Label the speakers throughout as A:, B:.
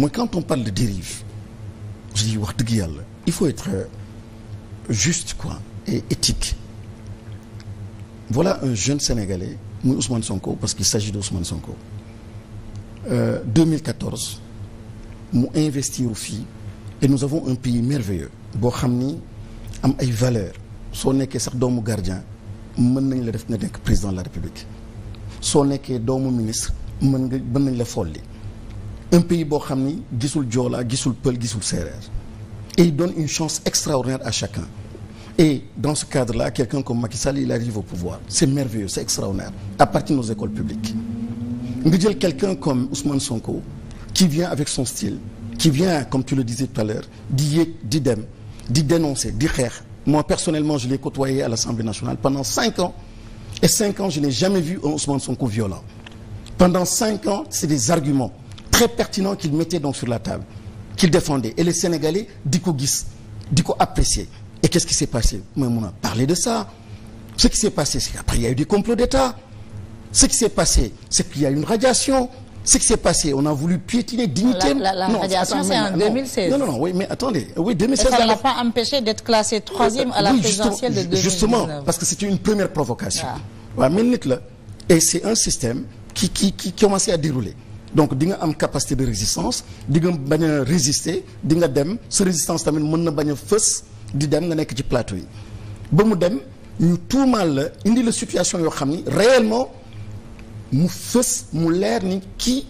A: mooy quand on parle de dérive je wax dëgg yàlla il faut être euh, juste quoi et éthique voilà un jeune sénégalais muy Ousmane Sonko parce qu'il s'agit d'Ousmane Sonko euh, 2014 mu investir u fii et nous avons un pays merveilleux boo xam ni am ay valeurs soo nekkee sax doomu gardien mën nañ la def nga nekk président de la république soo nekkee doomu ministre mën nga mën nañ la folli un pays boo xam ni gisul joola gisul pël gisul séeréer et il donne une chance extraordinaire à chacun et dans ce cadre là quelqu'un comme Macky Sall il arrive au pouvoir c'est merveilleux c'est extraordinaire à partir de nos écoles publiques nga jël quelqu'un comme Ousmane Sonko qui vient avec son style qui vient comme tu le disais tout à l'heure di yéeg di dem di dénoncer di xeex moi personnellement je l'ai côtoyé à l'Assemblée nationale cinq ans et cinq vu un Ousmane Sonko pendant cinq ans c'est des arguments très pertinent qu'il mettait donc sur la table qu'il défendait et les Sénégalais di ko gis di ko apprécier et qu'est-ce qui s'est passé on a parlé de ce qui s'est passé c'est a eu des complots d'État ce qui s'est passé c'est qu'il y a eu une radiation ce qui s'est passé on a voulu piétiner dignité non, en 2016 non non non oui mais attendez oui 2016 et pas empêché d'être classé euh, troisième à la présidentielle de 2019 ah. et c'est un système qui commençait à dérouler donc di nga am capacité de résistance di nga bañ a résisté di nga dem sa résistance tamit mën na bañ a fës di dem nga nekk ci plateau yi ba mu dem ñu tuumaal la indi la situation yoo xam ni réellement mu fës mu leer ni kii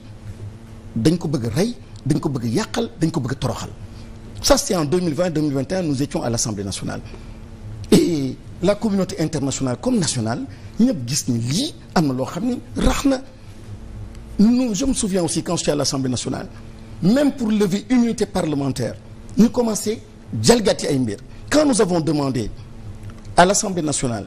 A: dañ ko bëgg rey dañ ko bëgg yàqal dañ ko bëgg a toroxal ça c'était en 2020 2021 nous étions à l'Assemblée nationale et la communauté internationale comme nationale ñëpp gis ni lii am na loo xam ni rax na nous je me souviens aussi quand j'étais à l'Assemblée nationale même pour lever l'immunité parlementaire ñu commencé jalgati ay mbir quand nous avons demandé à l'Assemblée nationale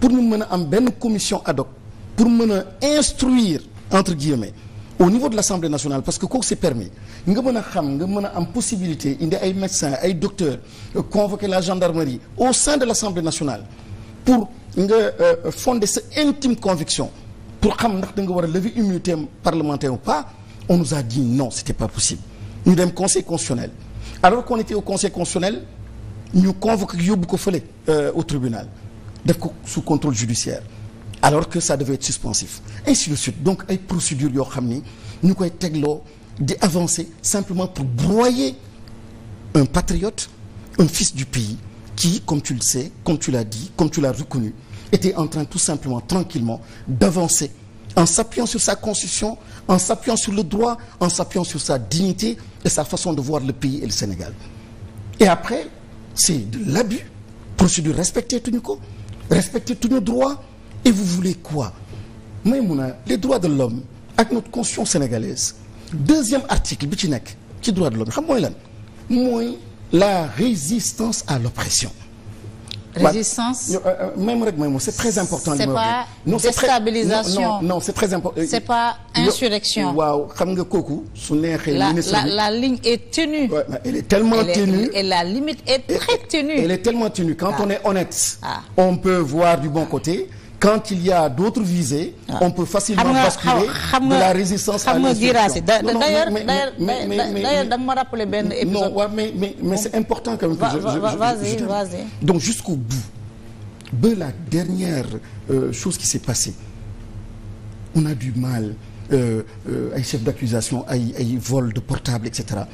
A: pour ñu mën a am benn commission ad hoc pour mën a instruire entre guillemets au niveau de l'Assemblée nationale parce que kooku c'est permis nga mën a xam nga mën a am possibilité indi ay médecins ay docteurs euh, convoquer la gendarmerie au sein de l'Assemblée nationale pour nga euh, fonder sa intime conviction pour xam ndax da nga war a lever immunité parlementaire ou pas on nous a dit non c'était pas possible ñu dem conseil constitutionnel alors qu'on était au conseil constitutionnel ñu convoqué yóbbu ko fële euh, au tribunal def ko sous contrôle judiciaire alors que ça devait être suspensif ainsi de suite donc ay procédures yoo xam ni ñu koy tegloo di avancer simplement pour broyer un patriote un fils du pays qui comme tu le sais comme tu l'as dit était en train tout simplement, tranquillement, d'avancer en s'appuyant sur sa constitution, en s'appuyant sur le droit, en s'appuyant sur sa dignité et sa façon de voir le pays et le Sénégal. Et après, c'est de l'abus, procédure respecter tout ko respecter tous nos droits. Et vous voulez quoi? mooy mun a les droits de l'homme ak notre constitution sénégalaise deuxième article bi ci nekk ci droit de l'homme xam mooy lan mooy la résistance à l'oppression résistance euh, euh, même rek même c'est très important. li ma non c'est très non non important. Euh, c'est pas insurrection. waaw xam nga kooku su neexee. ministre bi la la ligne est tenue. elle est tellement tenue et la limite est très tenue. elle est tellement tenue quand ah. on est honnête. Ah. on peut voir du bon côté. quand il y a d'autres visées ah. on peut facilement basculer de la résistance à l'instruction d'ailleurs d'ailleurs dama ma rappeler benn épisode non mais mais mais c'est important quand même que je je vas-y donc jusqu'au bout ba la dernière euh, chose qui s'est passée on a du mal euh, euh, ay chef d'accusation ay ay vol de portable et cetera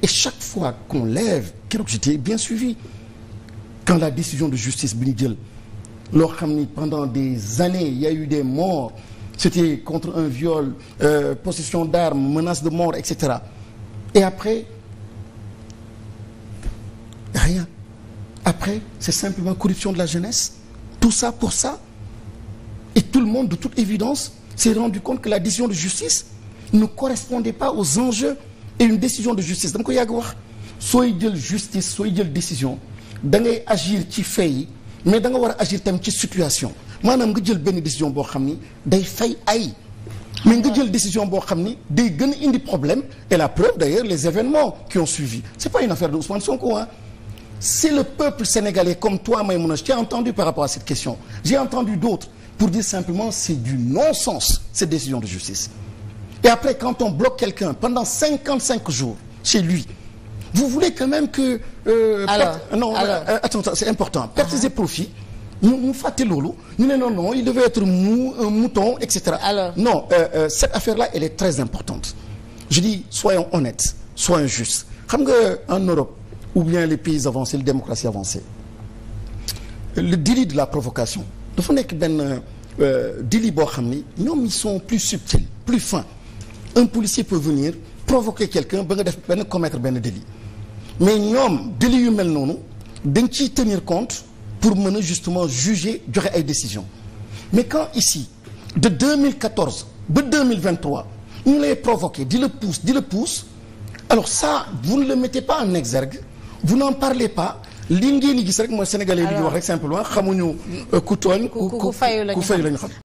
A: et chaque fois qu'on lève keroog j'étais bien suivi quand la décision de justice bi ñu jël loo xam ni pendant des années il y a eu des morts c'était contre un viol euh, possession d'armes menace de mort etc et après rien après c'est simplement corruption de la jeunesse tout ça pour ça et tout le monde de toute évidence s'est rendu compte que la décision de justice ne correspondait pas aux enjeux et une décision de justice dama ko yàgg wax sooy jël justice sooy jël décision da ngay agir ci fait yi mais da nga war a agir tam ci situation maanaam nga jël benn décision boo xam ni day fay ay mais nga jël décision boo xam ni day gën a indi problème et la preuve d'ailleurs les événements qui ont suivi c'est pas une affaire de Ousmane Sonko ah c'est le peuple sénégalais comme toi Maïmouna j'ai entendu par rapport à cette question j'ai entendu d'autres pour dire simplement c'est du non-sens cette décision de justice et après quand cinquante-cinq jours chez lui vous voulez quand même que. Euh, alors perte, non euh, alors. Euh, attends c'est important. perte profit ñu mu fàtte loolu ñu ne non non il devait être euh, mouton et cetera. alors non cette affaire là elle est très importante je dis soyons honnêtes soyons justes xam nga en Europe ou bien les pays avancés les démocraties avancées le délit de la provocation dafa nekk benn délit boo xam ni ñoom ils plus plus fins un policier peut venir ba nga def benn commettre benn délit mais ñoom délits yu mel noonu dañ ciy tenir compte pour mën a justement juger joxe ay décisions mais quand ici de 2014 ba 2023 ñu lay provoquer di la pousse di la pousse alors ça vous ne le mettez pas en exergue vous n'en parlez pas li ngeen di gis rek mooy sénégalais yi di wax rek simplement xamuñu euh, ku tooñ ku fayu la ñu xam